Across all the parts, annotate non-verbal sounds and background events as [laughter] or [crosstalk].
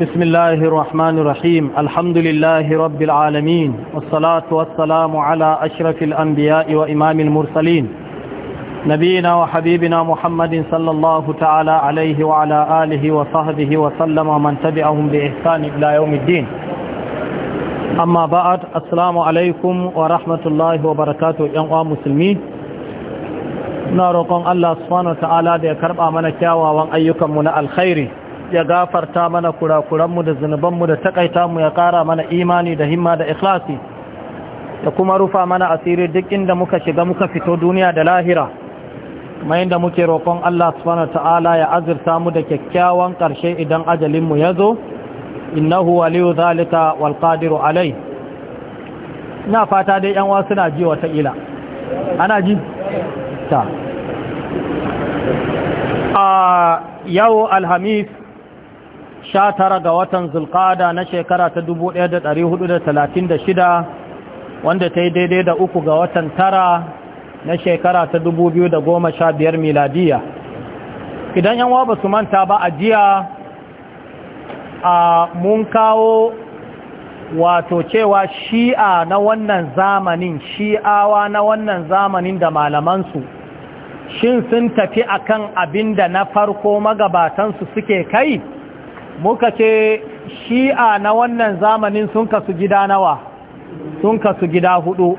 بسم الله الرحمن الرحيم الحمد لله رب العالمين والصلاة والسلام على أشرف الأنبياء وإمام المرسلين نبينا وحبيبنا محمد صلى الله تعالى عليه وعلى آله وصحبه وسلم ومن تبعهم بإحسان إلى يوم الدين أما بعد السلام عليكم ورحمة الله وبركاته يا مسلمين نارقون الله سبحانه وتعالى دي ta'ala da كاوا وان أيكم من ayyukanmu ya gafarta mana kurakuranmu da zunubanmu da takaita mu ya kara mana imani da himma da ikhlasi da kuma rufa mana asiri duk inda muka shiga muka fito duniya da lahira kuma inda muke roƙon Allah subhanahu ta'ala ya azurta mu da kyakkyawan ƙarshe idan ajalin mu yazo innahu waliyu zalika wal qadiru alai ina fata dai yan wasu na ji wata ila ana ji ta a yau alhamis sha tara ga watan zulqada na shekara ta dubu ɗaya da da wanda ta yi daidai da uku ga watan tara na shekara ta dubu goma sha biyar miladiya idan yan ba su manta ba a jiya a mun kawo wato cewa shi'a na wannan zamanin shi'awa na wannan zamanin da malamansu shin sun tafi akan abinda na farko magabatansu suke kai muka ce shi'a na wannan zamanin sun kasu gida nawa sun kasu gida hudu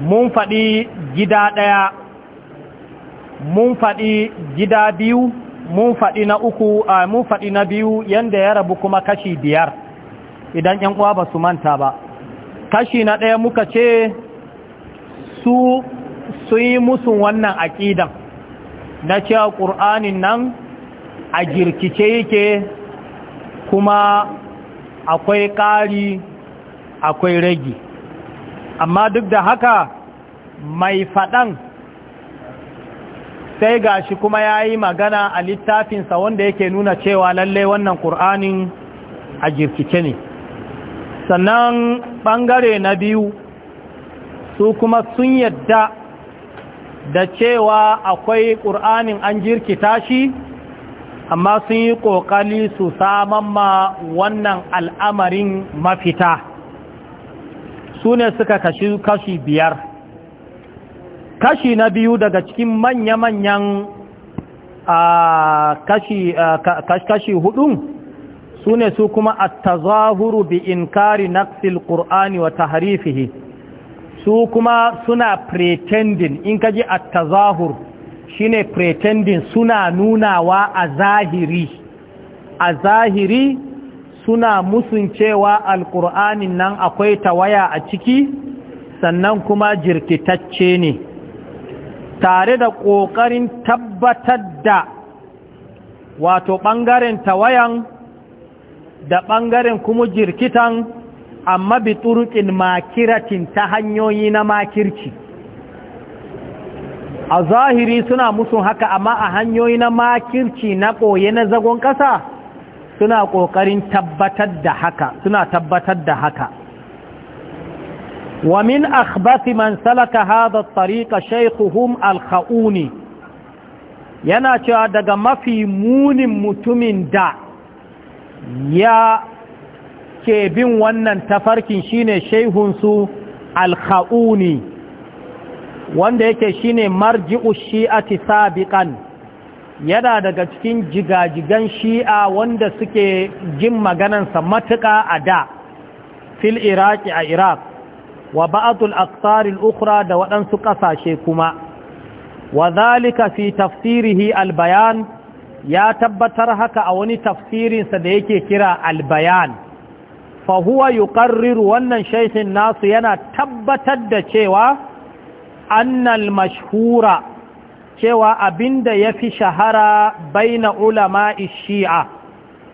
mun faɗi gida ɗaya mun faɗi gida biyu mun faɗi na uku a mun faɗi na biyu yanda ya rabu kuma kashi biyar idan yan uwa ba su manta ba kashi na ɗaya muka ce su su yi musu wannan aƙidan na cewa ƙur'anin nan a girkice yake kuma akwai ƙari akwai ragi amma duk da haka mai faɗan sai gashi kuma ya yi magana a littafinsa wanda yake nuna cewa lalle wannan ƙur'anin a jirkice ne sannan ɓangare na biyu su kuma sun yadda da cewa akwai ƙur'anin an jirkita shi amma sun yi ƙoƙari su saman ma wannan al'amarin mafita su ne suka kashi kashi biyar kashi na biyu daga cikin manya-manyan kashi hudun su ne su kuma a tazahuru bi inkari naqsil ƙur'ani wa taharifihi su kuma suna pretending in kaji a tazahuru shine pretending suna nunawa a zahiri a zahiri suna musun cewa alkur'anin nan akwai tawaya a ciki sannan kuma jirkitacce ne tare da ƙoƙarin tabbatar da wato ɓangaren tawayan da ɓangaren kuma jirkitan amma bi makiratin ta hanyoyi na makirci a zahiri suna musu haka amma a hanyoyi na makirci na ɓoye na zagon ƙasa suna ƙoƙarin tabbatar da haka suna tabbatar da haka wa min akhbathi man salaka hadha at-tariqa shaykhuhum al-khauni yana cewa daga mafi munin mutumin da ya ke bin wannan tafarkin shine su al-khauni wanda yake shine marji'u shi'ati sabiqan yana daga cikin jigajigan shi'a wanda suke jin maganansa matuƙa a da fil iraki a iraq wa ba'atul aksarin ukra da waɗansu ƙasashe kuma wa zalika fi tafsirihi albayan ya tabbatar haka a wani tafsirinsa da yake kira albayan fahuwa yuƙarriru wannan shaikhin nasu yana tabbatar da cewa annal mashhura cewa abinda ya fi shahara baina ulama shi'a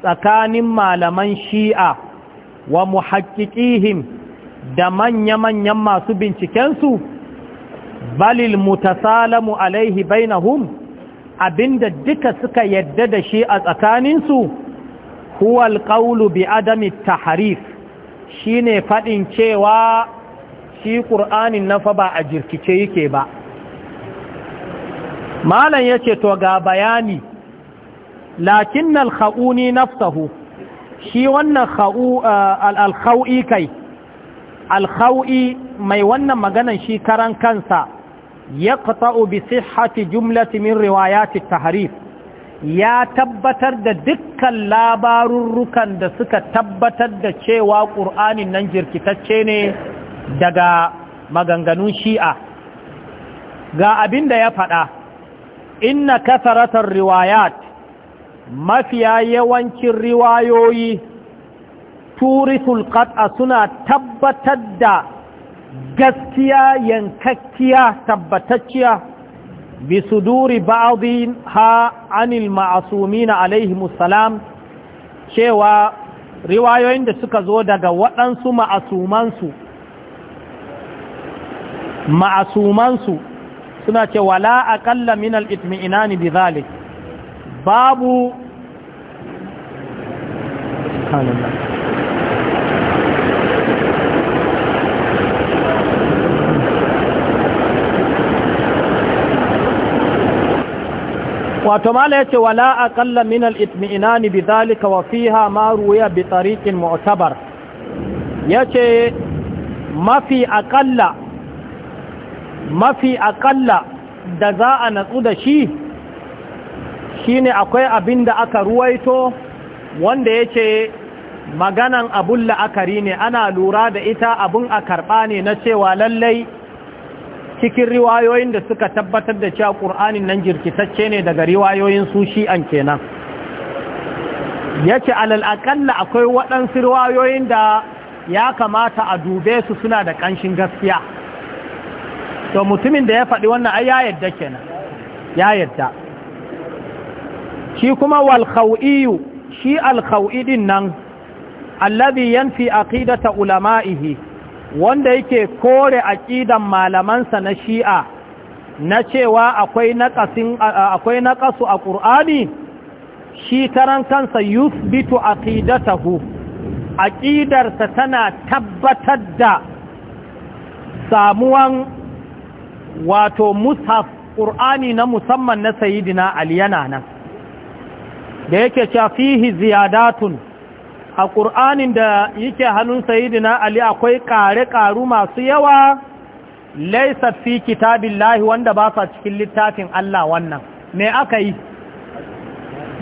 tsakanin malaman shi'a wa muhakkikihim da manya-manyan masu bincikensu balil mutasalamu alaihi bainahum abinda duka suka yadda da shi a tsakaninsu huwal qawlu bi adami tahrif shine fadin cewa shi ƙur'anin na fa ba a jirkice yake ba malam ya ce to ga bayani lakin alkha'uni nafsahu shi wannan alkhau'i eh, kai alkhau'i mai wannan maganan shi karan kansa ya kata'u bi sihati jumlati min riwayati tahrif ya tabbatar da dukkan labarurrukan da suka tabbatar da cewa ƙur'anin nan jirkitacce ne daga maganganun shi'a ga abin da ya faɗa inna kasaratar riwayat mafiya yawancin riwayoyi turisul ƙat'a suna tabbatar da gaskiya yankakkiya tabbatacciya bi suduri ba'dhin ha anil ma'asumina alaihimus salam cewa riwayoyin da suka zo daga waɗansu ma'asumansu ma'asumansu suna ce wala aqalla min al-itmi'inani bi zalik babu wato mala yace wala aqalla min al-itmi'inani bi zalika wa fiha ma ruya bi tariqin mu'tabar yace mafi aqalla mafi akalla da za a natsu da shi shi ne akwai abin da aka ruwaito wanda ya ce maganan abun la'akari ne ana lura da ita abun a karɓa ne na cewa lallai cikin riwayoyin da suka tabbatar da cewa ƙur'anin nan jirkitacce ne daga riwayoyin su an kenan ya ce alal'akalla akwai waɗansu riwayoyin da ya kamata a dube su suna da ƙanshin gaskiya to mutumin da ya faɗi wannan ai ya yadda kenan ya yadda shi kuma wal khawiyu shi al khawidin nan alladhi yanfi aqidata ulama'ihi wanda yake kore aqidan malamansa na shi'a na cewa akwai naqasin akwai naqasu a qur'ani shi taran kansa yuthbitu aqidatahu aqidarsa tana tabbatar da samuwan wato mushaf ƙur'ani na musamman na sayidina ali yana nan da yake cewa fihi ziyadatun a ƙur'anin da yake hannun sayidina ali akwai ƙare-ƙaru masu yawa laisa fi kitabin lahi wanda ba sa cikin littafin Allah wannan me aka yi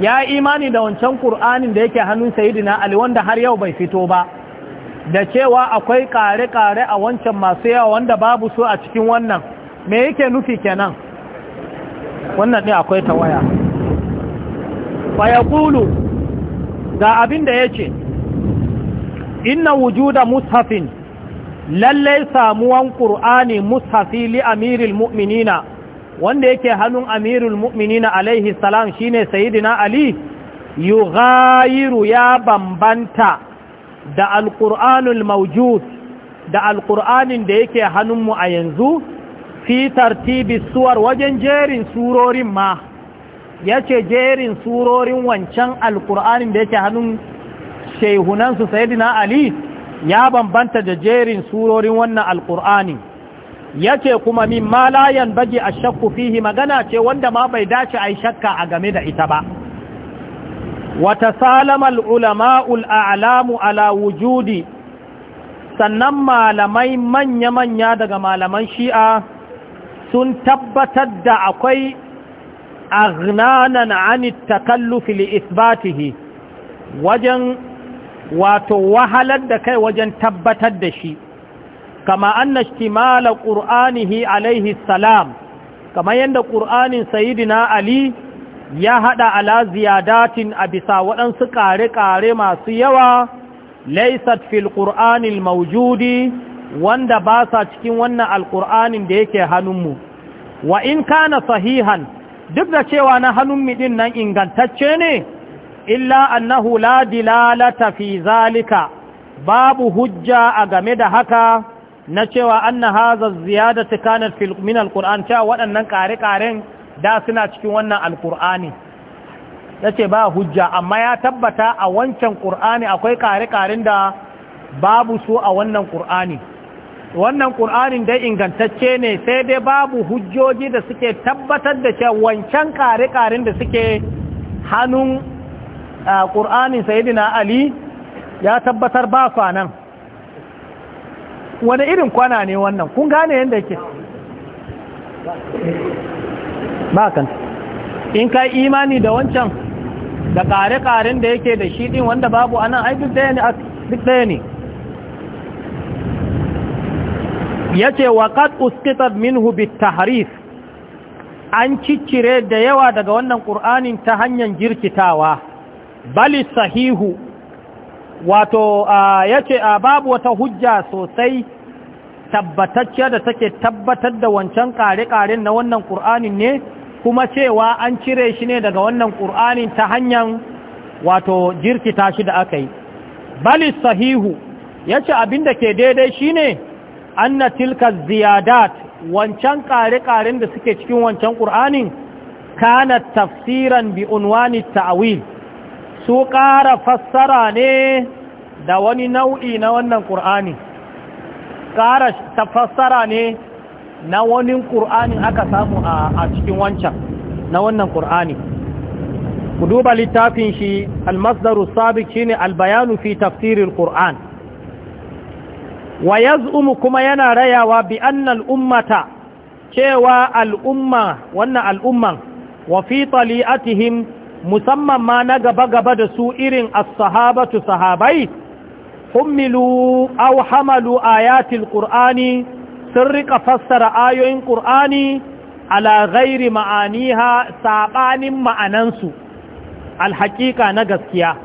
ya imani da wancan ƙur'anin da yake hannun sayidina ali wanda har yau bai fito ba da cewa akwai ƙare kare a wancan masu yawa wanda babu su a cikin wannan me yake nufi kenan wannan ne akwai ta waya fayaqulu ga abin da yace inna wujuda mushafin lalle samuwan qur'ani mushafi li amiril mu'minina wanda yake hannun amirul mu'minina alaihi salam shine sayyidina ali yughayiru ya bambanta da alqur'anul mawjud da alqur'anin da yake hannunmu a yanzu fi tartibi suwar wajen jerin surorin ma ya ce jerin surorin wancan alkur'anin da yake hannun shehunansu sayidina ali ya bambanta da jerin surorin wannan alkur'anin ya ce kuma min malayan bage a shakku fihi magana ce wanda ma bai dace a yi shakka a game da ita ba wata salamar ulama'ul a'lamu ala wujudi sannan malamai manya-manya daga malaman shi'a sun tabbatar da akwai agnanan an takallufi li isbatihi wajen wato wahalar da kai wajen tabbatar da shi kama anna ishtimala qur'anihi alaihi salam kama yanda qur'anin sayyidina ali ya hada ala ziyadatin a bisa waɗansu kare ƙare masu yawa laisat fil qur'anil mawjudi wanda ba sa cikin wannan alƙur'anin da yake hannunmu wa in kana sahihan duk da cewa na hannun ɗin nan ingantacce ne illa annahu la dilalata fi zalika babu hujja a game da haka na cewa anna haza ziyadatu kanat fil min alquran cewa waɗannan ƙare-ƙaren da suna cikin wannan alqur'ani yace ba hujja amma ya tabbata a wancan qur'ani akwai ƙare karen da babu su a wannan qur'ani wannan ƙur'anin dai ingantacce ne sai dai babu hujjoji da suke tabbatar da ce wancan ƙari-ƙarin da suke hannun ƙur'anin sayidina ali ya tabbatar ba kwanan wani irin kwana ne wannan kun gane yadda yake ba kan in ka imani da wancan da ƙari-ƙarin da yake da shi ɗin wanda babu anan ai duk ɗaya ne ya ce wa ƙad uskitar minhu an ciccire da yawa daga wannan ƙur'anin ta hanyar jirkitawa bali sahihu wato ya ce a babu wata hujja sosai tabbatacciya da take tabbatar da wancan ƙare ƙare na wannan ƙur'anin ne kuma cewa an cire shi ne daga wannan ƙur'anin ta hanyar wato jirkita shi da aka yi bali sahihu ya ce abinda ke daidai shi ne anna tilka ziyadat wancan ƙare-ƙaren da suke cikin wancan ƙur'anin kana tafsiran bi unwani ta'awil su ƙara fassara ne da wani nau'i na wannan ƙur'ani ƙara fassara ne na wani ƙur'anin aka samu a cikin wancan na wannan ƙur'ani ku duba littafin shi almasdaru sabiq shine albayanu fi tafsiril qur'an wa yaz'umu kuma yana rayawa bi annal ummata cewa al'umma wannan al'umman wa fi tali'atihim musamman ma na gaba-gaba da su irin as-sahabatu sahabai hummilu aw hamalu ayatil qur'ani sun rika fassara ayoyin qur'ani ala ghairi ma'aniha sabanin ma'anansu alhaƙiƙa na gaskiya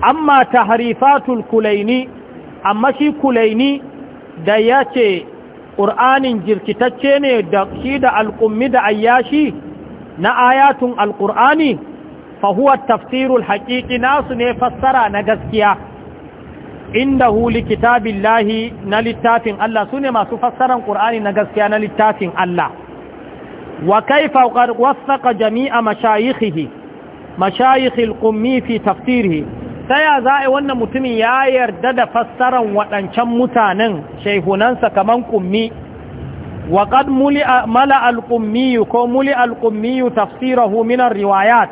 amma tahrifatul kulaini amma shi kulaini da ya ce ƙur'anin jirkitacce ne da shi da alƙummi da ayyashi na ayatun alƙur'ani fahuwar tafsirul haƙiƙi nasu ne fassara na gaskiya inda huli kitabin lahi na littafin Allah su ne masu fassaran ƙur'ani na gaskiya na littafin Allah wa kaifa wasaƙa jami'a mashayikhihi mashayikhil fi tafsirihi ta ya za a wannan mutumin ya yarda da fassaran waɗancan mutanen shaihunansa kaman ƙummi wa qad mala al ko muli al-qummi tafsirahu min riwayat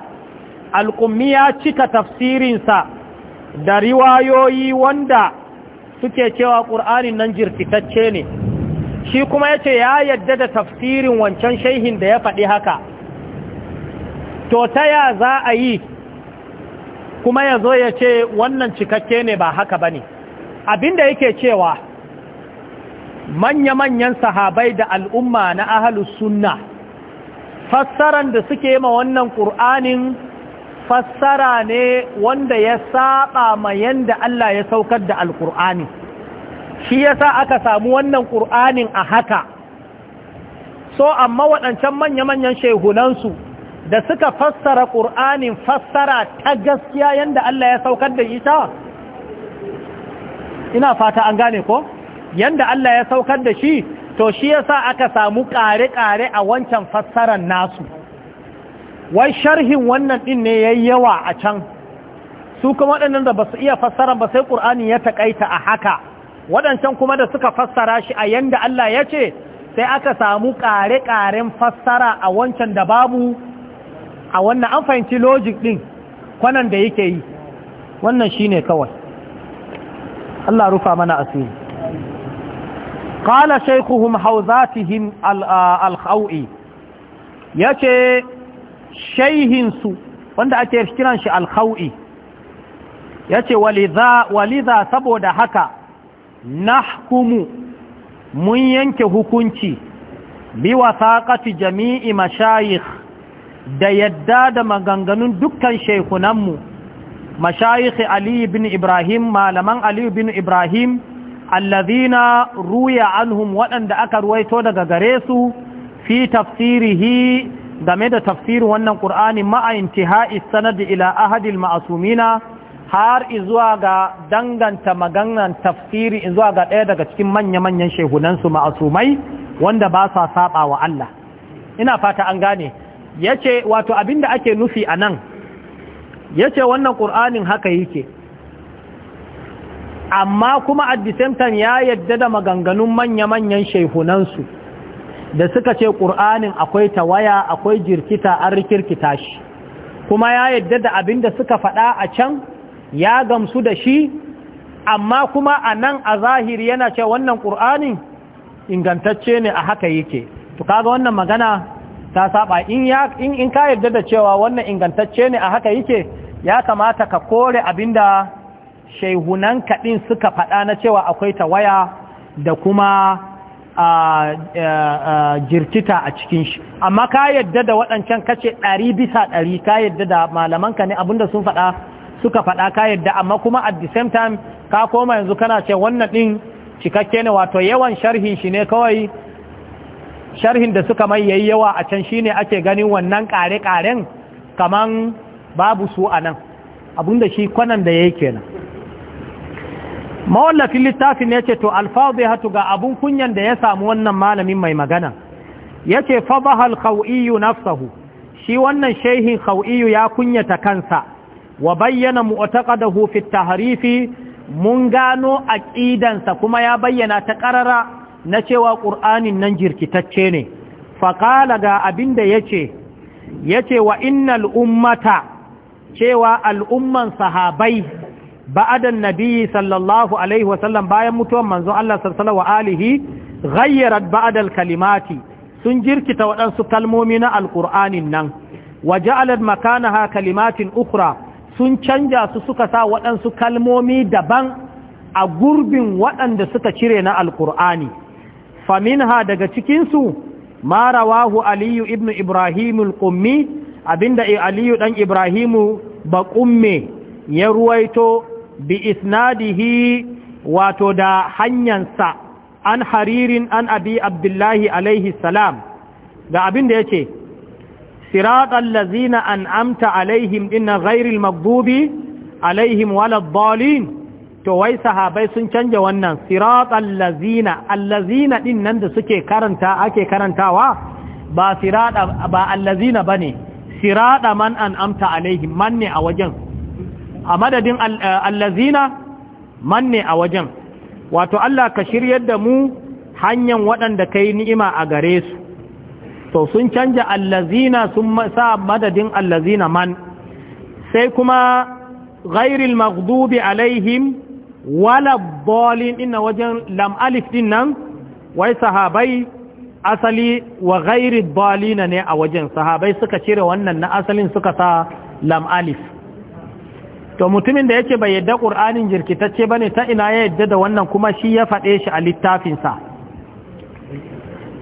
al ya cika tafsirinsa da riwayoyi wanda suke cewa ƙur'anin nan jirkitacce ne shi kuma ya ce ya yarda da tafsirin wancan shaihin da ya faɗi haka to ta ya za a yi kuma ya zo ya ce wannan cikakke ne ba haka ba ne abinda yake cewa manya-manyan sahabai da al'umma na ahalus sunna fassaran da suke ma wannan ƙur'anin fassara ne wanda ya saba ma yadda Allah ya saukar da al’ur'ani shi ya sa aka samu wannan ƙur'anin a haka so amma waɗancan manya-manyan shehunansu da suka fassara ƙur'anin fassara ta gaskiya yadda Allah ya saukar da ita ina fata an gane ko yadda Allah ya saukar da shi to shi yasa aka samu ƙare-ƙare a wancan fassarar nasu wai sharhin wannan ɗin ne ya yawa a can su kuma waɗannan da ba su iya fassara ba sai ƙur'ani ya taƙaita a haka waɗancan kuma da suka fassara shi a yadda Allah ya ce sai aka samu ƙare-ƙaren fassara a wancan da babu a wannan an fahimci logic din kwanan da yake yi wannan ne kawai Allah rufa mana asiri Ƙala shaykhuhum hawzatihim al-khawi yace shayhin wanda ake kiran shi al Ya yace waliza saboda haka hukumu mun yanke hukunci bi wasaqati jami'i mashayikh da yadda da maganganun dukkan shekunanmu mashayikhi Ali bin Ibrahim malaman Ali bin Ibrahim allazina ruya anhum waɗanda aka ruwaito daga gare su fi tafsirihi game da tafsir wannan ƙur'ani ma'aintihai sanadi ila ahadil ma'asumina har izuwa ga danganta maganan tafsiri izuwa ga ɗaya daga cikin manya-manyan shehunansu ma'asumai wanda ba sa saba wa Allah ina fata an gane yace wato abinda ake nufi anan yace wannan qur'anin haka yake amma kuma at the ya yadda da maganganun manya-manyan shaihunansu da suka ce ƙur'anin akwai tawaya akwai jirkita an rikirkita shi kuma ya yadda da abin da suka faɗa a can ya gamsu da shi amma kuma a nan a zahiri yana ce wannan ƙur'anin ingantacce ne a haka yake to kaga wannan magana ta saba in ya in ka yarda da cewa wannan ingantacce ne a haka yake ya kamata ka kore abinda shehunan kadin suka faɗa na cewa akwai tawaya da kuma jirkita a cikin shi amma ka yadda da waɗancan kace ɗari bisa ɗari ka yadda da malamanka ne abinda sun faɗa suka faɗa ka yarda amma kuma at the same time ka koma yanzu kana ce wannan ɗin cikakke ne wato yawan sharhin shi ne kawai sharhin da suka mai yayi yawa a can shine ake ganin wannan kare-karen kaman babu su a nan abinda shi kwanan da yayi kenan mawallafin littafin ya ce to alfawai hatu ga abun kunyan da ya samu wannan malamin mai magana ya ce fabahal kawiyu nafsahu shi wannan shehin kawiyu ya kunyata kansa wa bayyana mu'taqadahu fi tahrifi mun gano sa kuma ya bayyana ta qarara na cewa ƙur'anin nan jirkitacce ne faƙala ga abin da ya ce ya ce wa inna ummata cewa al'umman sahabai ba'adan nabiyyi sallallahu alaihi wasallam bayan mutuwan manzon Allah sallallahu alihi ghayyarat ba'dal kalimati sun jirkita waɗansu kalmomi na alƙur'anin nan wa ja'alat makanaha kalimatin ukhra sun canja su suka sa waɗansu kalmomi daban a gurbin waɗanda suka cire na alƙur'ani faminha daga cikinsu Mara rawahu aliyu ibn Ibrahimul al-qummi abinda aliyu dan ibrahimu ba kumme ya ruwaito bi isnadihi wato da hanyansa an haririn an abi abdullahi alaihi salam ga abinda ya ce siratan lazina an amta alaihim dinna ghairil magdubi alaihim walad dalin to wai sahabai sun canja wannan sirat allazina allazina din nan da suke karanta ake karantawa ba sirata ba allazina bane sirata man an amta alaihim man ne a wajen a madadin eh, allazina man ne a wajen wato Allah ka shiryar da mu hanyar waɗanda kai ni'ima a gare su to sun canja allazina sun sa madadin allazina man sai kuma ghairil maghdubi alaihim wala bolin ina wajen lam'alif alif din nan wai sahabai asali wa gairi bolina ne a wajen sahabai suka cire wannan na asalin suka sa lam'alif. to mutumin da yake bai yadda ƙur'anin jirkitacce ba ne ta ina ya yadda da wannan kuma shi ya faɗe shi a littafinsa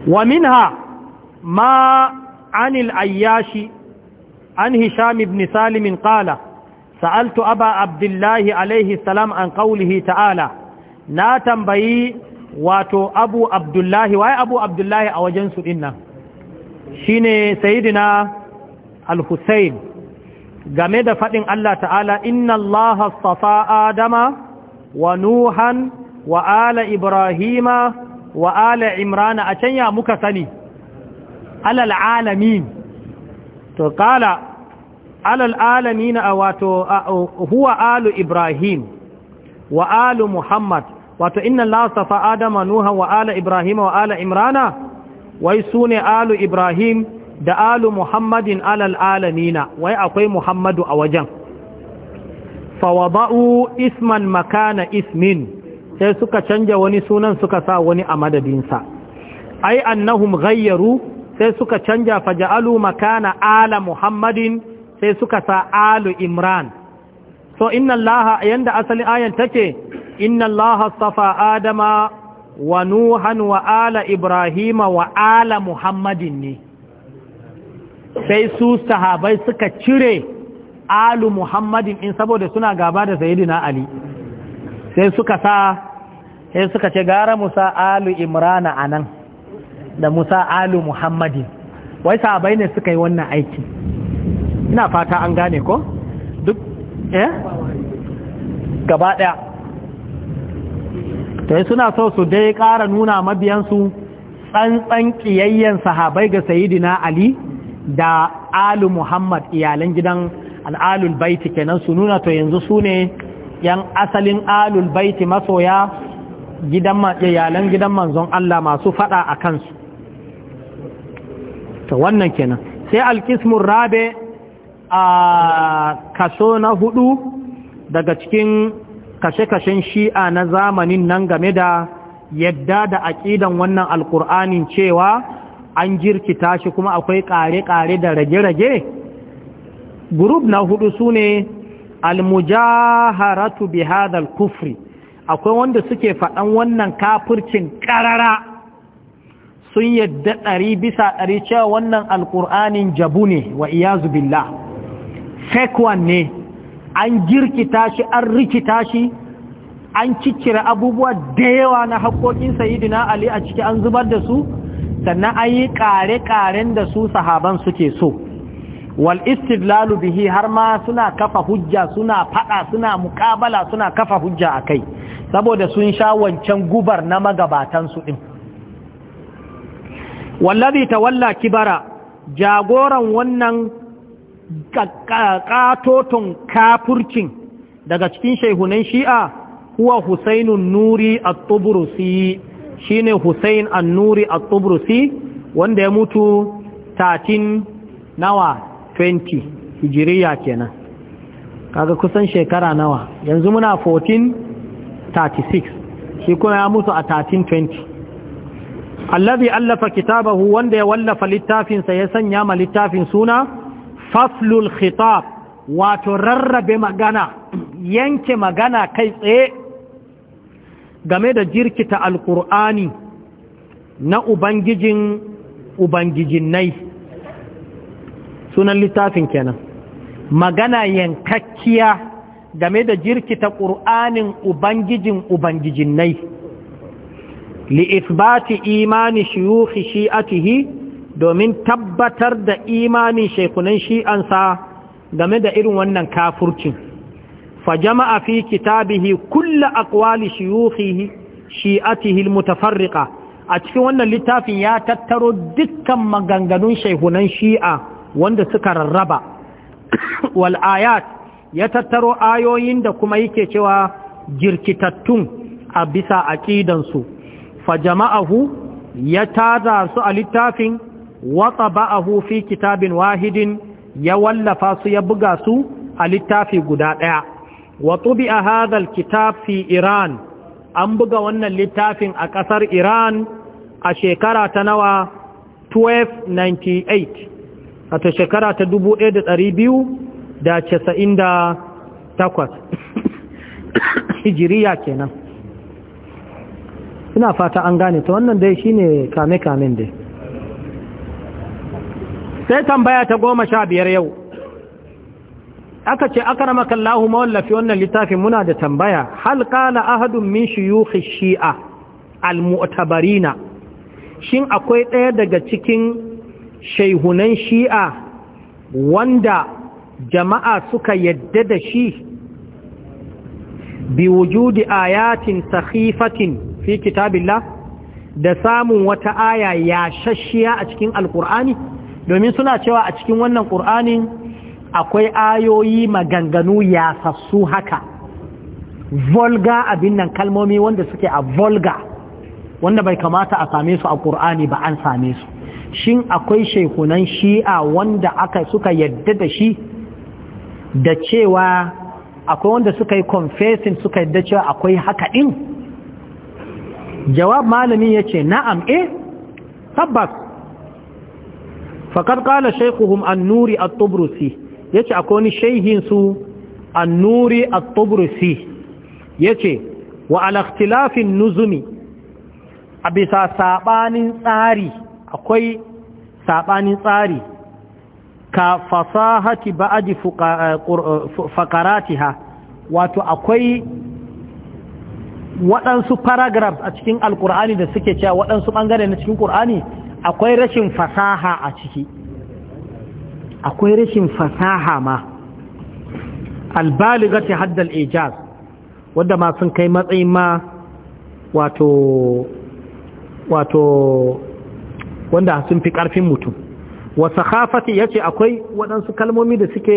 wa minha ma anil ayyashi an hisham ibn salimin qala sa'altu aba abdullahi alaihi salam an ta'ala na tambayi wato abu abdullahi waye abu abdullahi a wajen su dinnan shine sayyidina al hussein game da fadin Allah ta'ala inna Allah safa adama wa nuhan wa ala ibrahima wa ala imrana a can ya muka sani alal alamin to kala alal alamina wato huwa alu ibrahim wa alu muhammad wato inna Allah adama nuha wa ala ibrahim wa ala imrana wai sune alu ibrahim da alu muhammadin alal alamina wai akwai muhammadu a wajen fawada'u isman makana ismin sai suka canja wani sunan suka sa wani a madadinsa ai annahum gayyaru sai suka canja faja'alu makana ala muhammadin sai suka sa alu imran so inna allaha yanda asali ayan take inna allaha safa adama wa nuhan wa ala ibrahima wa ala muhammadin ne sai su sahabai suka cire alu muhammadin in saboda suna gaba da na ali sai suka sa sai suka ce gara musa alu imrana anan da musa alu muhammadin wai sahabai ne suka yi wannan aikin ina fata an gane ko duk eh gaba daya suna so su dai ƙara nuna mabiyansu tsantsan kiyayyen sahabai ga sayidina ali da alu muhammad iyalan gidan al'alul baiti kenan su nuna to yanzu su ne yan asalin alul baiti masoya iyalan gidan manzon allah masu fada a kansu to wannan kenan sai alkismun rabe a kaso na hudu daga cikin kashe-kashen shi'a na zamanin nan game da yadda da aƙidan wannan alƙur'anin cewa an jirkita shi kuma akwai ƙare-ƙare da rage-rage gurub na hudu su ne almujaharatu bi hadal kufri akwai wanda suke faɗan wannan kafircin ƙarara sun yadda ɗari bisa ɗari cewa wannan alƙur'anin jabu ne wa iyazu billah fake one ne an girkita shi an rikita shi an cikira abubuwa da yawa na haƙoƙin sayidina ali a ciki an zubar da su sannan an yi ƙare-ƙaren da su sahaban suke so wal istidlalu bihi har ma suna kafa hujja suna faɗa suna muƙabala suna kafa hujja a kai saboda sun sha wancan gubar na magabatan su ɗin wallazi tawalla kibara jagoran wannan ƙatoton kafurcin daga cikin shaihunan shi'a kuwa husainun nuri tuburusi shi shine husain an-nuri a tuburusi wanda ya mutu 13 nawa 20 hijiriya kenan kaga kusan shekara nawa yanzu muna 1436 shi kuma ya mutu a 1320 Allah allafa kitabahu wanda ya wallafa littafinsa ya sanya ma littafin suna Faflul khitab wato rarrabe magana yanke magana kai tsaye game da jirkita alkur'ani na ubangijin ubangijinnai sunan littafin kenan magana yankakkiya game da jirkita ƙur'anin ubangijin ubangijinnai li isbati imani shiyuhi shi'atihi domin tabbatar da imanin shekunan shi'ansa game da irin wannan kafurcin fa jama'a fi kitabihi kulla akwali shuyukhihi shi'atihi almutafarriqa a cikin wannan littafin ya tattaro dukkan maganganun shekunan shi'a wanda suka rarraba [coughs] wal'ayat, ya tattaro ayoyin da kuma yake cewa jirkitattun a bisa aƙidansu, fa fajama'ahu ya taza su a littafin wata a hufi kitabin wahidin ya wallafa su ya buga su a littafi guda ɗaya wato bi a hadal fi iran an buga wannan littafin a ƙasar iran a shekara ta nawa 1298 A shekara ta 1298 [coughs] hijiriya kenan ina fata an gane ta wannan dai shine kame-kamen dai sai tambaya ta goma sha biyar yau aka ce aka rama kallahu mawallafi wannan littafin muna da tambaya Halka kala ahadun min shiyuhi shi'a al-mu'tabarina shin akwai ɗaya daga cikin shaihunan shi'a wanda jama'a suka yadda da shi bi wujudi ayatin sahifatin fi kitabillah da samun wata aya yashashiya a cikin alkur'ani domin suna cewa a cikin wannan ƙur'anin akwai ayoyi maganganu sassu haka volga abin nan kalmomi wanda suke a volga wanda bai kamata a same su a ƙur'ani ba an same su shin akwai shekunan shi'a wanda aka suka yadda da shi da cewa akwai wanda suka yi confessing suka yadda cewa akwai haka ɗin jawab malamin ya ce na'am eh tabbas faƙar ƙala shaikuhum annuri a tubrusi ya ce akwai wani shaihinsu annuri a tubrusi ya ce wa alaktilafin nuzumi a bisa saɓanin tsari akwai saɓanin tsari ka fasahati ba'adi eh, eh, fakaratiha wato akwai waɗansu paragraf a cikin Alƙur'ani da suke cewa waɗansu ɓangare na cikin ƙur'ani akwai rashin fasaha a ciki akwai rashin fasaha ma albaligati haddal ijaz wadda ma sun kai matsayin ma wato wato wanda sun fi karfin mutum wasu hafati ya ce akwai waɗansu kalmomi da suke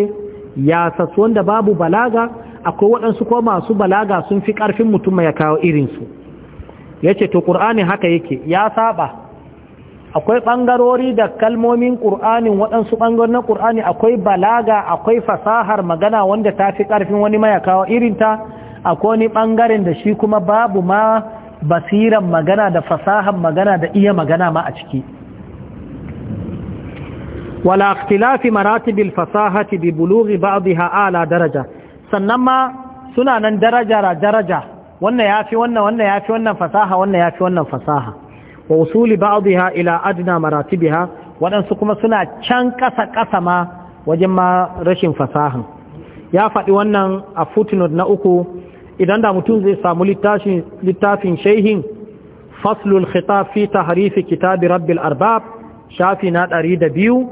yasassu wanda babu balaga akwai waɗansu ko masu balaga sun fi ƙarfin mutum ya kawo irinsu ya ce to ƙur'ani haka yake ya saba akwai ɓangarori da kalmomin ƙur'anin waɗansu ɓangarori na ƙur'ani akwai balaga akwai fasahar magana wanda ta fi ƙarfin wani mayakawa ta akwai wani ɓangaren da shi kuma babu ma basiran magana da fasahar magana da iya magana ma a ciki wala ikhtilafi maratibil fasahati bi bulughi ba'dha ala daraja sannan ma suna nan daraja daraja wannan yafi wannan wannan yafi wannan fasaha wannan yafi wannan fasaha wa usuli ba'dha ila adna maratibiha waɗansu kuma suna can ƙasa ƙasa ma wajen ma rashin fasahan ya faɗi wannan a footnote na uku idan da mutum zai samu littafin shehin faslul khitab fi tahrifi kitabi rabbil arbab shafi na ɗari da biyu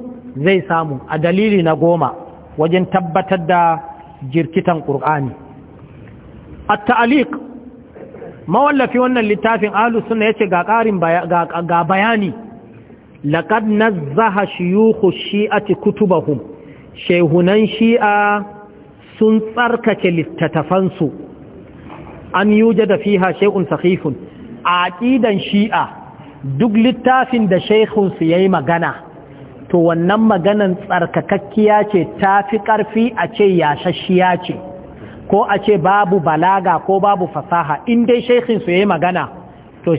zai samu a dalili na goma wajen tabbatar da jirkitan ƙur'ani a ta'aliq mawallafi wannan littafin Alusuna ya yace ga ƙarin ga bayani laqad nazzaha shuyukhu shi'ati kutubahum shehunan shi'a sun tsarkake littattafansu an yujada fiha shay'un A aqidan shi'a duk littafin da ya yayi magana to wannan maganan tsarkakakkiya ce tafi ƙarfi a ce yashashiya ce ko a ce babu balaga ko babu fasaha in dai sheikhin su yi magana to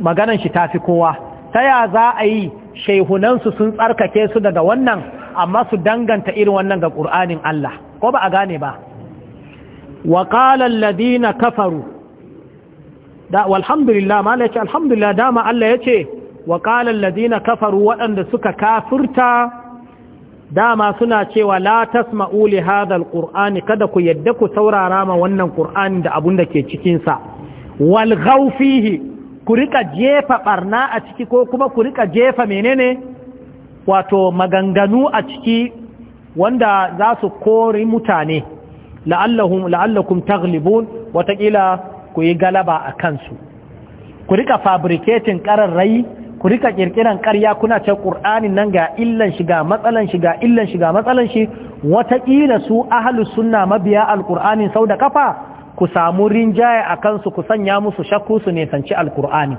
maganan shi fi kowa ta ya za a yi shaihunansu sun tsarkake su daga wannan amma su danganta irin wannan ga ƙur'anin Allah ko ba a gane ba wa qalan ladina kafaru da walhamdulillah malaka alhamdulillah dama Allah ya ce wa qalan ladina kafaru waɗanda suka kafurta. dama suna cewa la tasma'u li hadhal qur'ani kada ku yadda ku saurara ma wannan qur'ani da abun da ke cikin sa wal fihi ku rika jefa barna a ciki ko kuma ku rika jefa menene wato maganganu a ciki wanda za su kori mutane la'allahum la'allakum taghlibun watakila ku yi galaba a kansu ku rika fabricating kararrai ku rika kirkiran ƙarya kuna ce Kur'ani nan ga illan shi ga matsalan shi ga illan shi ga matsalan shi wataƙila su ahlus sunna mabiya alƙur'anin sau da kafa ku samu rinjaye a kansu ku sanya musu shakku su nisanci alƙur'ani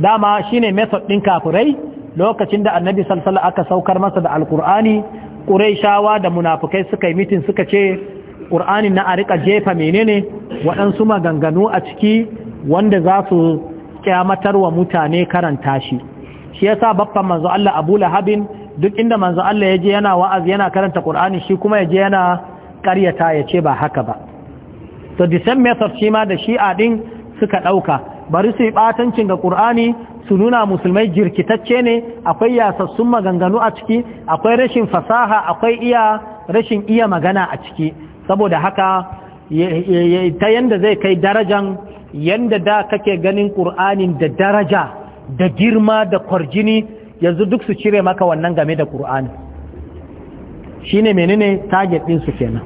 dama shine method ɗin kafirai lokacin da annabi salsala aka saukar masa da alƙur'ani ƙuraishawa da munafukai suka yi mitin suka ce ƙur'anin na a rika jefa menene waɗansu maganganu a ciki wanda za su kyamatar wa mutane karanta shi shi yasa babban manzo Allah Abu Lahabin duk inda manzo Allah yaje yana wa'azi yana karanta Qur'ani shi kuma yaje yana karyata yace ba haka ba to the same method shi ma da shi'a din suka dauka bari su yi batancin ga Qur'ani su nuna musulmai jirkitacce ne akwai yasassun maganganu a ciki akwai rashin fasaha akwai iya rashin iya magana a ciki saboda haka ta yanda zai kai darajan yanda da kake ganin ƙur'anin da daraja da girma da kwarjini yanzu duk su cire maka wannan game da ƙur'ani shi ne menene target ɗinsu kenan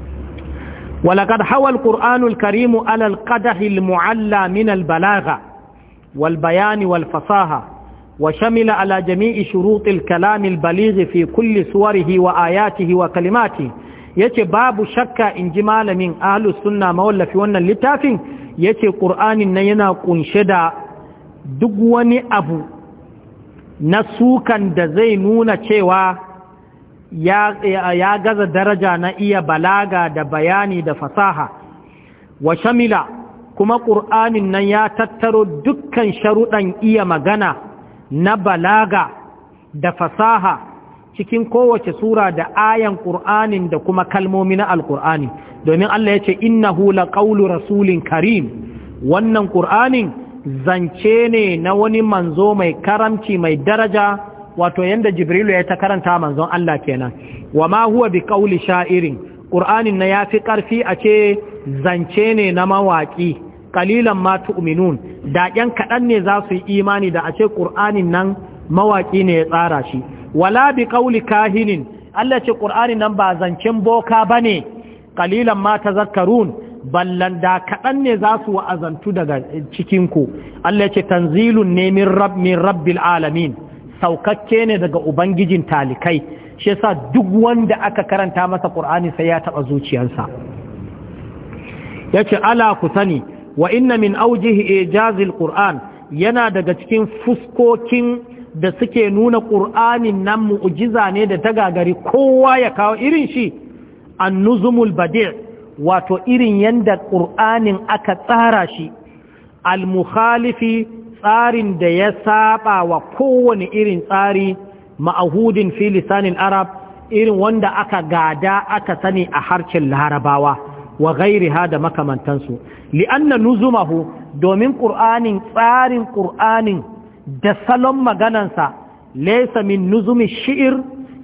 [clears throat] walakad hawal ƙur'anul karimu alal ƙadahil mu'alla min albalaga wal bayani wal fasaha wa shamila ala jami'i shuruɗil kalamil balighi fi kulli suwarihi wa ayatihi wa kalimatihi yace babu shakka in ji malamin ahlus sunna mawallafi wannan littafin yace qur'anin nan yana kunshe da duk wani abu na sukan da zai nuna cewa ya, ya gaza daraja na iya balaga da bayani da fasaha wa shamila kuma ƙur'anin nan ya tattaro dukkan sharuɗan iya magana na balaga da fasaha cikin kowace sura da ayan ƙur'anin da kuma kalmomi na alƙur'ani domin Allah ya ce hula ƙaulu rasulin karim wannan ƙur'anin zance ne na wani manzo mai karamci mai daraja wato yanda jibrilu ya ta karanta manzon Allah kenan wa ma huwa bi qawli sha'irin ƙur'anin na yafi ƙarfi a ce zance ne na mawaƙi qalilan ma tu'minun da ƴan kaɗan ne za su yi imani da a ce ƙur'anin nan mawaƙi ne ya tsara shi wala bi kauli kahinin Allah ce ƙur'ani nan ba zancen boka ba ne ƙalilan ma ta zakarun ballan da kaɗan ne za su wa'azantu daga cikinku Allah ce tanzilun ne min rabbil alamin saukakke ne daga ubangijin talikai shi yasa duk wanda aka karanta masa ƙur'ani sai ya taɓa zuciyarsa ya ce ala ku sani wa inna min aujihi ijazil ƙur'an yana daga cikin fuskokin da suke nuna ƙur'anin nan mu'ujiza ne da ta gagari kowa ya kawo irin shi annuzumul badir wato irin yadda ƙur'anin aka tsara shi almukhalifi tsarin da ya saba wa kowane irin tsari ma'ahudin filisanin arab irin wanda aka gada aka sani a harcin larabawa wa gairiha da makamantansu na nuzumahu domin ƙur'anin tsarin ƙur'anin da salon maganansa laisa min nuzumi shi'ir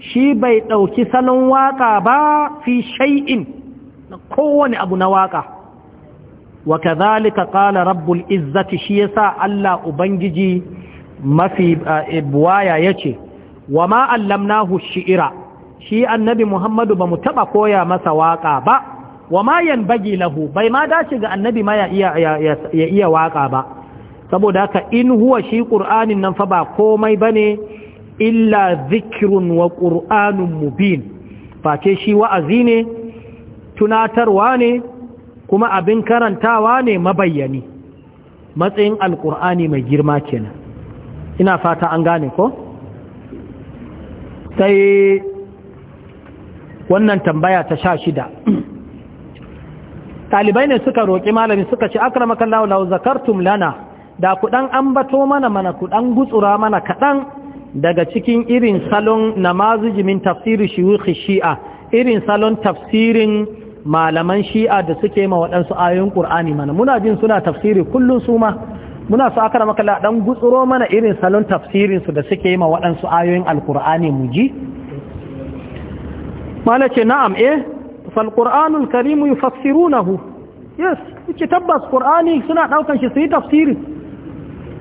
shi bai ɗauki salon waka ba fi shai'in, na kowane abu na waka wa kadhalika qala rabbul izzati shi yasa Allah ubangiji mafi ibwaya eh, yace wa ma allamnahu shi'ira shi annabi Muhammadu bamu taba koya masa waka ba wa ma yanbaghi lahu bai ma dace ga annabi ma ya iya ya iya waka ba saboda haka in huwa shi ƙur'anin nan fa ba komai ba ne illa zikirun wa ƙur'anun mubin face shi wa'azi ne tunatarwa ne kuma abin karantawa ne mabayyani matsayin alƙur'ani mai girma kenan ina fata an gane ko sai wannan tambaya ta sha shida talibai ne suka roƙi malami suka ce akramakallahu Allah law zakartum lana da kuɗan ambato mana mana kuɗan gutsura mana kaɗan daga cikin irin salon namazijimin tafsirin shiwuki shi'a irin salon tafsirin malaman shi'a da suke ma waɗansu ayoyin ƙur'ani mana muna jin suna tafsiri kullum su ma muna so aka maka ɗan gutsuro mana irin salon tafsirinsu da suke ma waɗansu ayoyin alƙur'ani mu ji mala ce na'am eh falƙur'anul karimu yufassirunahu yes ce tabbas Kur'ani suna ɗaukan shi su yi tafsiri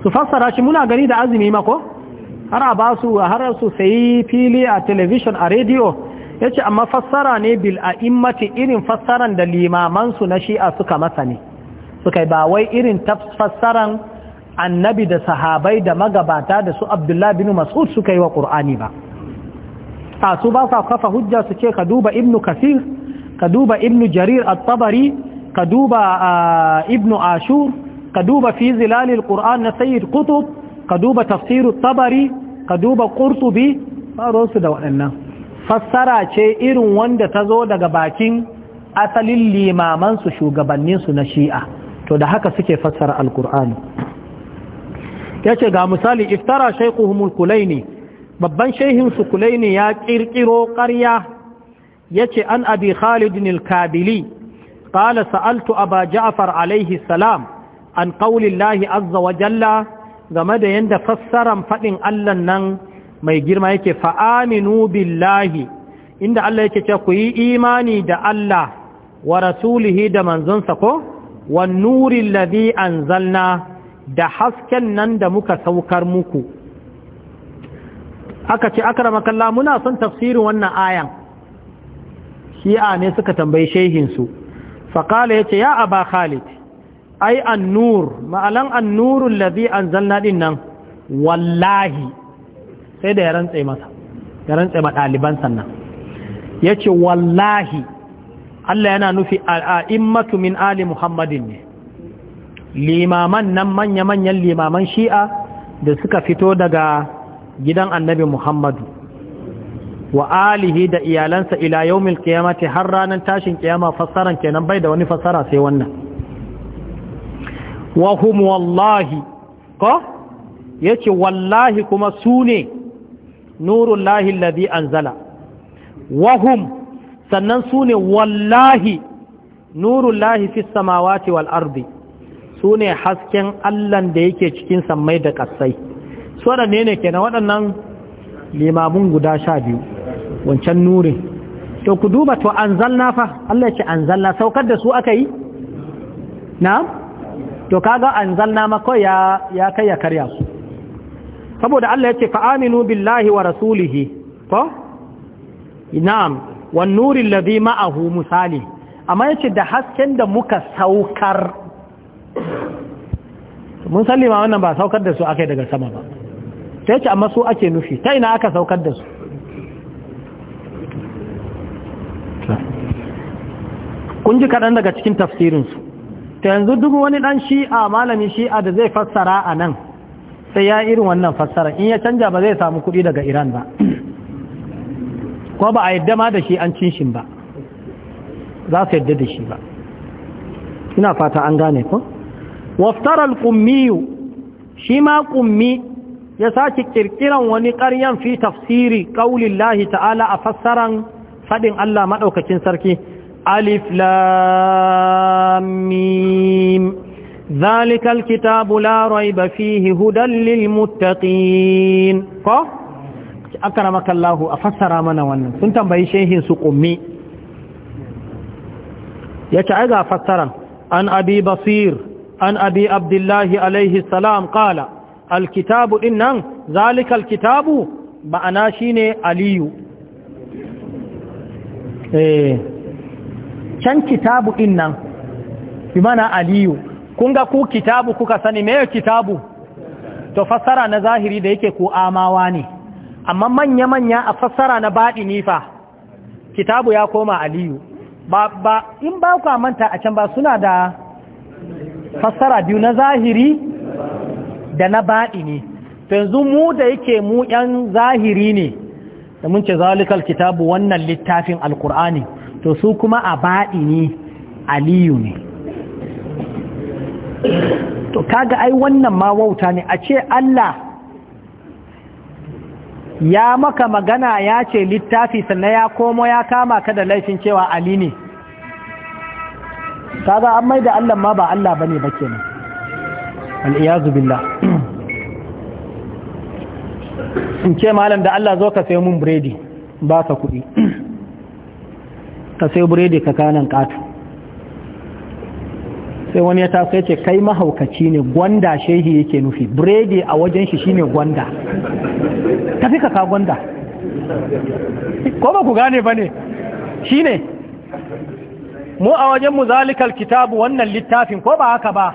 su fassara shi muna gani da azumi mako har a ba su har su sayi fili a television a rediyo ya ce amma fassara ne bil a immati irin fassaran da limamansu na shi'a suka masa ne suka yi ba wai irin fassaran annabi da sahabai da magabata da su abdullahi bin mas'ud suka yi wa ƙur'ani ba a su ba sa kafa hujja su ce ka duba ibnu kasir ka duba ibnu jarir at-tabari ka duba ibnu ashur ka duba fi zilalil qur'an na sayyid qutub ka duba tafsirut tabari ka duba qurtubi faro da waɗannan fassara ce irin wanda ta zo daga bakin asalin limaman su shugabannin su na shi'a to da haka suke fassara alqur'ani yace ga misali iftara shaykhuhum ne babban shehin su ne ya kirkiro ƙarya yace an abi khalid al-kabili qala sa'altu aba ja'far alayhi salam an qaulillahi azza wa jalla game da yadda fassaran faɗin Allah nan mai girma yake fa'aminu billahi inda Allah yake ce ku yi imani da Allah wa rasulihi da manzonsa ko wan nuril an zalna da hasken nan da muka saukar muku aka ce akramakallah muna son tafsirin wannan ayan shi'a ne suka tambayi shehinsu faƙala ya ce ya aba khalid ai annur ma'alan annurul ladhi anzalna din nan wallahi sai da ya rantse masa ya ma ɗaliban sannan yace wallahi Allah yana nufi a'immatu min ali muhammadin ne limaman nan manya-manyan limaman shi'a da suka fito daga gidan annabi muhammadu wa alihi da iyalansa ila yawmil qiyamati har ranar tashin kiyama fassaran kenan bai da wani fassara sai wannan wa hum wallahi ko yace wallahi kuma su ne lahi alladhi anzala wa hum sannan su ne wallahi nurullahi fis samawati wal ardi su ne hasken Allahn da yake cikin sammai da ƙasai su waɗanne ne ke na waɗannan limamun guda sha biyu wancan nurin to ku duba to anzalna fa Allah ce anzalna saukar da su aka yi na to kaga anzalna mako ya ya kai ya karya su saboda Allah yake fa aminu billahi wa rasulihi ko inam wan nuril ladhi ma'ahu musali amma yace da hasken da muka saukar mun sallima wannan ba saukar da su akai daga sama ba sai yace amma su ake nufi ta ina aka saukar da su kun ji kaɗan daga cikin tafsirinsu ta yanzu duk wani dan shi'a malamin shi'a da zai fassara a nan sai ya irin wannan fassara in ya canja ba zai samu kuɗi daga iran ba ko ba a yadda ma da shi an cin shi ba za su yadda da shi ba ina fata an gane ko waftaral kummiyu shi ma kummi ya sake kirkiran wani ƙaryan fi tafsiri ƙaulillahi ta'ala a fassaran faɗin Allah maɗaukacin sarki ألف لام ميم ذلك الكتاب لا ريب فيه هدى للمتقين أكرمك الله أفسر من ون كنت بأي شيء سقمي يتعيد أفسر عن أبي بصير عن أبي عبد الله عليه السلام قال الكتاب إنن ذلك الكتاب معناه شيني علي إيه can kitabu din nan bi mana aliyu kun ga ku kitabu kuka sani me kitabu to fassara na zahiri da yake ku amawa ne amma manya manya a fassara na baɗi nifa kitabu ya koma aliyu ba ba in ba ku manta a can ba suna da fassara biyu na zahiri da na baɗi ne to yanzu mu da yake mu yan zahiri ne da mun ce zalikal kitabu wannan littafin alkur'ani to su kuma a baɗi ne aliyu ne to kaga ai wannan ma wauta ne a ce Allah ya maka magana ya ce littafi sannan ya komo ya kama ka da laifin cewa ali ne kaga an mai da Allah ma ba Allah bane ba ke nan. al'iyazu billah in ce malam da Allah zo ka sayo mun biredi ba ka kuɗi ka sai buredi ka kanan ƙato sai wani ya taso ya ce kai mahaukaci ne gwanda shehi yake nufi buredi a wajen shi shine gwanda tafi ka ka gwanda ko ba ku gane ba ne shi ne mu a wajen mu zalikal kitabu wannan littafin ko ba haka ba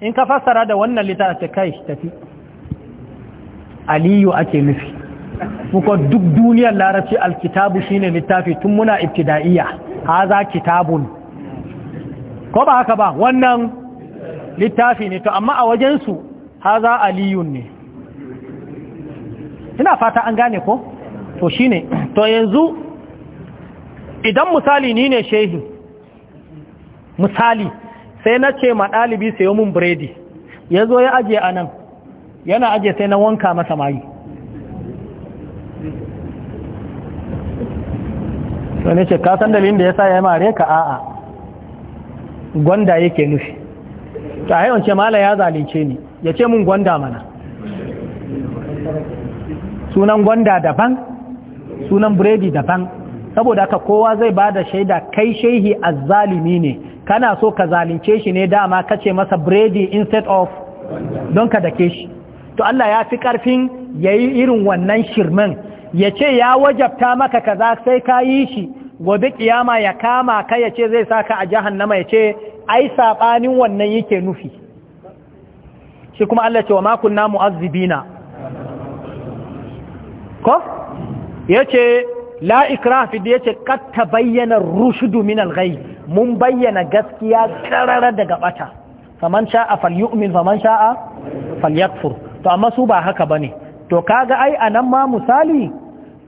in ka fassara da wannan littafin kai tafi aliyu ake nufi muka duk duniyar larabci alkitabu shine littafi tun muna ibtida'iyya haza kitabun ko ba haka ba wannan littafi ne to amma a wajensu haza aliyun ne ina fata an gane ko to shine to yanzu idan misali ni ne shehi misali sai na ce ma ɗalibi sayo mun biredi ya zo ya ajiye a nan yana ajiye sai na wanka masa mayu wani ce ka dalilin da ya sa ya yi mare ka a'a gwanda yake nufi ta haiwan ce mala ya zalunce ni ya ce mun gwanda mana sunan gwanda daban sunan biredi daban saboda haka kowa zai ba da shaida kai shehi zalimi ne kana so ka zalunce shi ne dama ka ce masa biredi instead of don ka dake shi to Allah ya fi karfin ya yi irin wannan shirman ya ce ya wajabta maka kaza sai ka yi shi gobe kiyama ya kama ka ya ce zai saka a jahannama ya ce ai saɓanin wannan yake nufi shi kuma Allah ce wa makunna mu'azzibina ko ya ce la ikrafi da ya ce katta bayyana rushudu min alghai mun bayyana gaskiya karara daga bata faman sha'a falyu'min faman sha'a falyakfur to amma su ba haka bane to kaga ai anan ma misali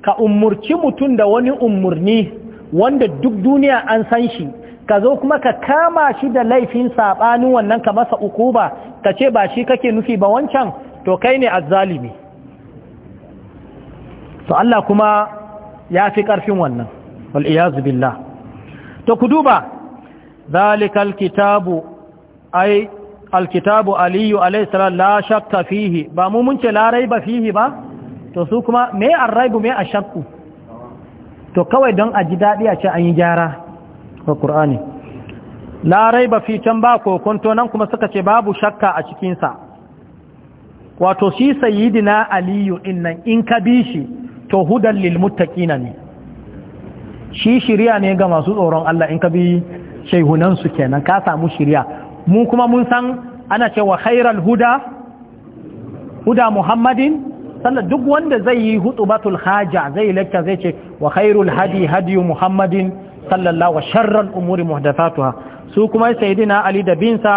ka umurci mutum da wani umurni wanda duk duniya an san shi ka zo kuma ka kama shi da laifin saɓanin wannan ka masa ukuba ka ce ba shi kake nufi ba wancan to kai ne azzalimi to Allah kuma ya fi ƙarfin wannan wal'iyazu billah to ku duba zalikal kitabu ai alkitabu aliyu la shakka fihi ba mu mun ce la fihi ba to su kuma me an raibu me a shakku to kawai don a ji daɗi a ce an yi gyara wa ƙur'ani larai ba fi can ba kokonto nan kuma suka ce babu shakka a cikinsa wato shi sayidina aliyu innan in ka bi shi to hudan lilmuttaƙina ne shi shirya ne ga masu tsoron Allah in ka bi shaihunansu kenan ka samu shirya mu kuma mun san ana cewa khairal huda huda muhammadin sallar duk wanda zai yi batul haja zai lakka zai ce wa khairul hadi hadi muhammadin sallallahu wa sharral umuri muhdathatuha su kuma sayyidina ali da binsa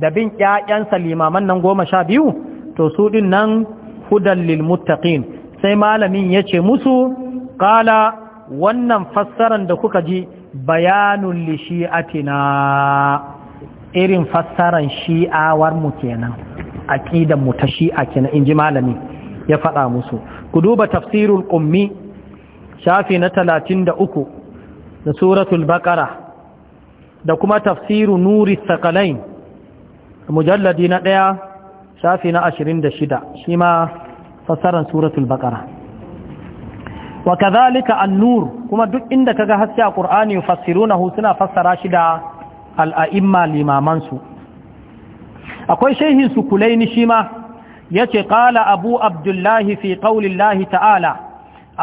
da bin ƴaƴansa limaman nan goma sha biyu to su din nan hudan lil muttaqin sai malamin yace musu qala wannan fassaran da kuka ji bayanun li shi'atina irin fassaran shi'awar mu kenan aqidan mu ta shi'a kenan inji malamin ya faɗa musu ku duba tafsirul ƙummi shafi na talatin da uku da suratul baƙara da kuma tafsiru nuri sakalain mujalladi na ɗaya shafi na ashirin da shida shi ma fassarar suratul baƙara wa kazalika annur kuma duk inda kaga haske a ƙur'ani fassirunahu suna fassara shi da al'a'imma limamansu akwai shehin su kulaini shi ma yace qala abu abdullahi fi qaulillahi ta'ala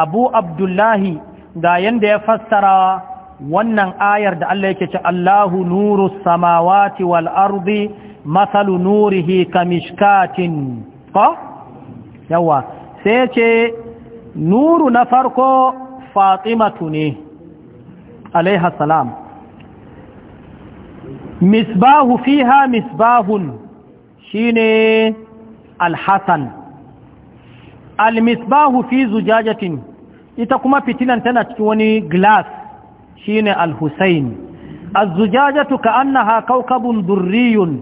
abu abdullahi ga yanda ya fassara wannan ayar da Allah yake ce Allahu nuru samawati wal ardi masalu nurihi kamishkatin ko yawa sai nuru na farko fatimatu ne alaiha salam misbahu fiha misbahun shine alhassan almisbahu fi zujajatin ita kuma fitilan tana cikin wani glass shine alhussein Azujajatu, ka annaha kaukabun durriyun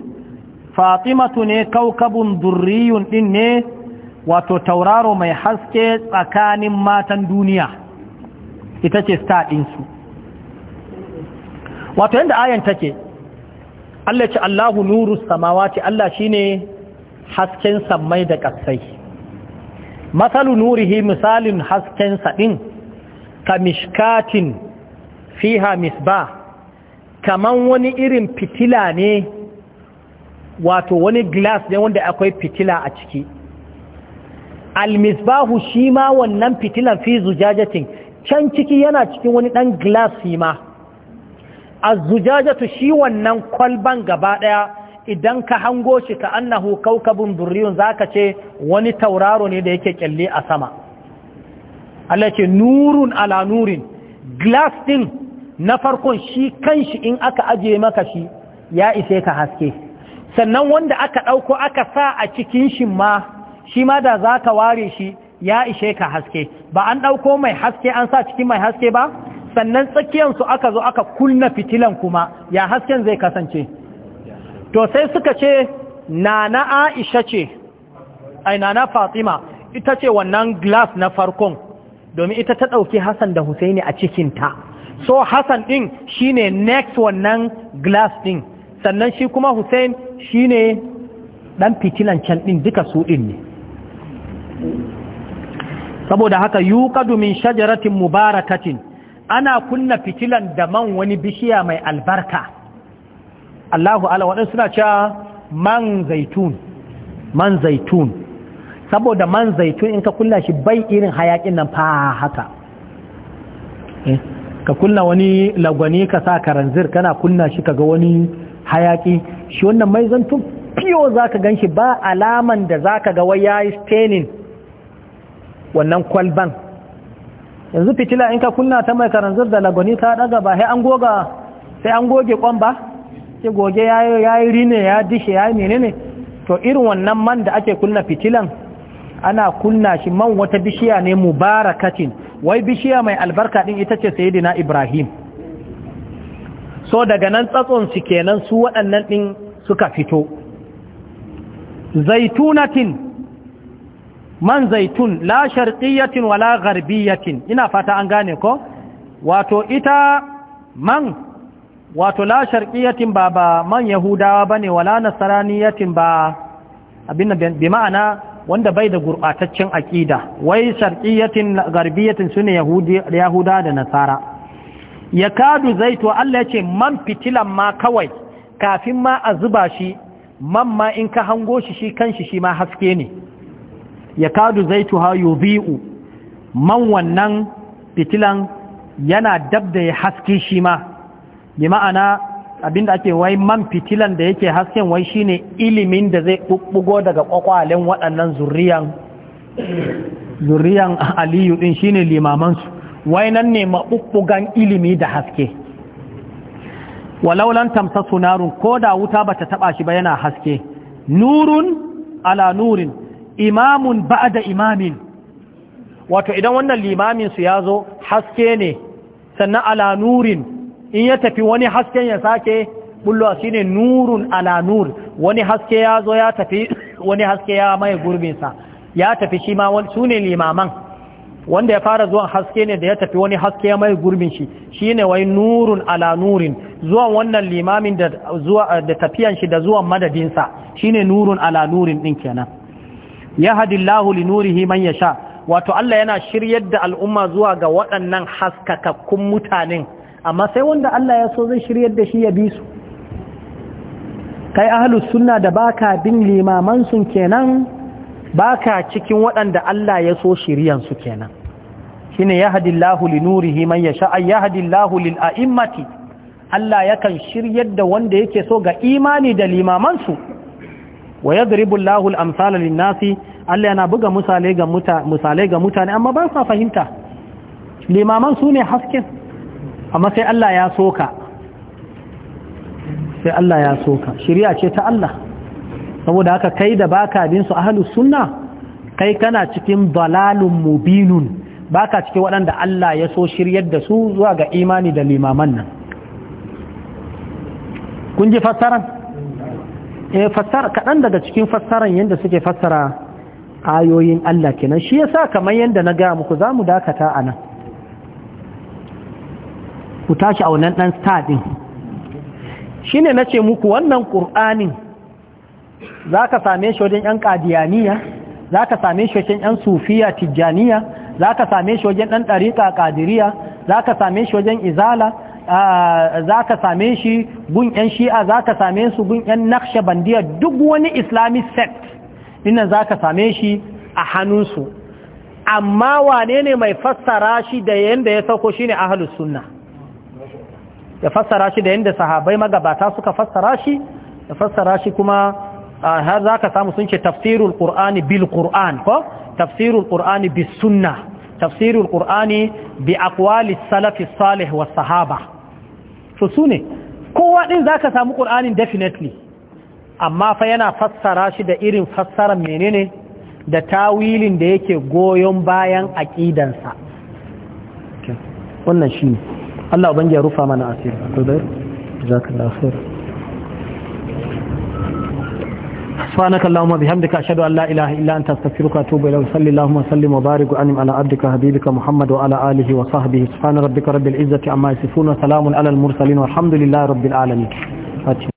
fatimatu ne kaukabun durriyun din ne wato tauraro mai haske tsakanin matan duniya ita ce star ɗinsu wato yadda ayan take Allah ce Allahu nuru samawati Allah shine hasken sammai da ƙasai matsalu nurihi misalin hasken saɗin ka mishkatin fiha misba kaman wani irin fitila ne wato wani glass ne wanda akwai fitila a ciki almisbahu shi ma wannan fitilan fi zujajatin can ciki yana cikin wani ɗan glass shi ma a zujajatu shi wannan kwalban gaba ɗaya idan ka hango shi ka annahu kaukabun durriyun zaka ce wani tauraro ne da yake kyalle a sama Allah ce nurun ala nurin glass din na farkon shi kanshi in aka ajiye maka shi ya ise ka haske sannan wanda aka ɗauko aka sa a cikin shi ma shi ma da za ka ware shi ya ishe ka haske ba an ɗauko mai haske an sa cikin mai haske ba sannan tsakiyar su aka zo aka kunna fitilan kuma ya hasken zai kasance to sai suka ce nana aisha ce ai nana fatima ita ce wannan glass na farkon domin ita ta ɗauki hassan da husaini a cikinta so hassan ɗin shine next wannan glass ɗin sannan shi kuma shi shine ɗan fitilan can ɗin duka su ɗin ne saboda haka yuqadu min shajaratin mubarakatin ana kunna fitilan da man wani bishiya mai albarka Allahu ala waɗansu suna cewa man zaitun man zaitun saboda man zaitun in ka kulla shi bai irin hayakin nan fa haka eh, ka kulla wani lagwani ka sa karanzir kana kunna shi kaga wani hayaki shi wannan mai zantun fiyo za ka gan shi ba alaman da za ka ga wai ya yi stenin wannan kwalban yanzu fitila in ka kunna ta mai karanzir da lagwani ka daga ba sai an goge kwan ba sai goge ya yi rine ya dishe ya yi menene to irin wannan man da ake kunna fitilan ana kunna shi man wata bishiya ne mubarakatin wai bishiya mai albarka din ita ce na ibrahim so daga nan tsatson su kenan su waɗannan din suka fito zaitunatin man zaitun la sharqiyatin wala gharbiyatin ina fata an gane ko wato ita man wato la sharqiyatin ba ba man yahudawa bane wala nasraniyatin ba abin bi ma'ana wanda bai da gurbataccen aqida wai sharqiyatin garbiyatin sune yahudi yahuda da nasara yakadu zaitu Allah yace man fitilan ma kawai kafin ma a zuba shi man ma in ka hango shi shi kanshi shi ma haske ne yakadu zaitu ha yubiu man wannan fitilan yana dabda ya haske shi ma bi ma'ana abinda ake wai man fitilan da yake hasken wai shine ilimin da zai bubbugo daga kwakwalen waɗannan zuriyan zuriyan aliyu din shine limamansu wai nan ne mabubbugan ilimi da haske walaulan tamsa sunarun ko da wuta bata taba shi ba yana haske nurun ala nurin imamun ba'da imamin wato idan wannan limamin su yazo haske ne sannan ala nurin in ya tafi wani hasken ya sake bullo shi ne nurun ala nur wani haske ya zo ya tafi [coughs] wani haske ya mai gurbinsa ya tafi shi ma su ne limaman wanda ya fara zuwan haske ne da ya tafi wani haske ya mai gurbin shi shi ne wai nurun ala nurin zuwan wannan limamin da tafiyan shi da zuwan madadinsa shi ne nurun ala nurin ɗin kenan ya hadillahu li nurihi man ya sha wato Allah yana shiryar da al'umma zuwa ga waɗannan haskakakkun mutanen amma sai wanda Allah ya so zai shiryar da shi ya bi su kai ahlus sunna da baka bin limaman sun kenan baka cikin waɗanda Allah ya so shiryan su kenan shine yahdillahu linurihi man yasha yahdillahu lil a'immati Allah yakan shiryar da wanda yake so ga imani da limaman su wa yadribu Allahu al-amsala lin-nasi Allah yana buga misalai ga mutane amma ba sa fahimta limaman su ne hasken amma sai Allah ya soka sai Allah ya soka shari'a ce ta Allah saboda haka kai da baka bin su ahlus sunna kai kana cikin dalalun mubinun baka cikin waɗanda Allah ya so shiryar da su zuwa ga imani da limaman nan kun ji fassaran eh fassara kaɗan daga cikin fassaran yadda suke fassara ayoyin Allah kenan shi yasa kamar yadda na gaya muku za mu dakata anan. ku tashi a wannan ɗan star ɗin shi ne na ce muku wannan ƙur'anin za ka same shi wajen ‘yan ƙadiyaniya za ka same shi wajen ‘yan sufiya tijjaniya za ka same shi wajen ɗan ɗariƙa ƙadiriya za ka same shi wajen izala za ka same shi gun ‘yan shi'a za ka same su gun ‘yan nakshe bandiya duk wani islamic sect dinnan za ka same shi a hannunsu amma wane ne mai fassara shi da yadda ya sauko shi ne ahalus sunna ya fassara shi da yadda sahabai magabata suka fassara shi ya fassara shi kuma har za ka samu sun ce tafsirul qur'ani bil qur'an ko tafsirul qur'ani bis sunna tafsirul qur'ani bi akwali salafi salih was sahaba so su ne kowa din za ka samu qur'anin definitely amma fa yana fassara shi da irin fassara menene da tawilin da yake goyon bayan aqidansa wannan shine Allah ubangi ya rufa mana asiri kudur jazakallahu khair سبحانك اللهم بحمدك أشهد أن لا إله إلا أنت أستغفرك وأتوب إليك وصلي اللهم وسلم وبارك وأنم على عبدك حبيبك محمد وعلى آله وصحبه سبحان ربك رب العزة عما يصفون وسلام على المرسلين والحمد لله رب العالمين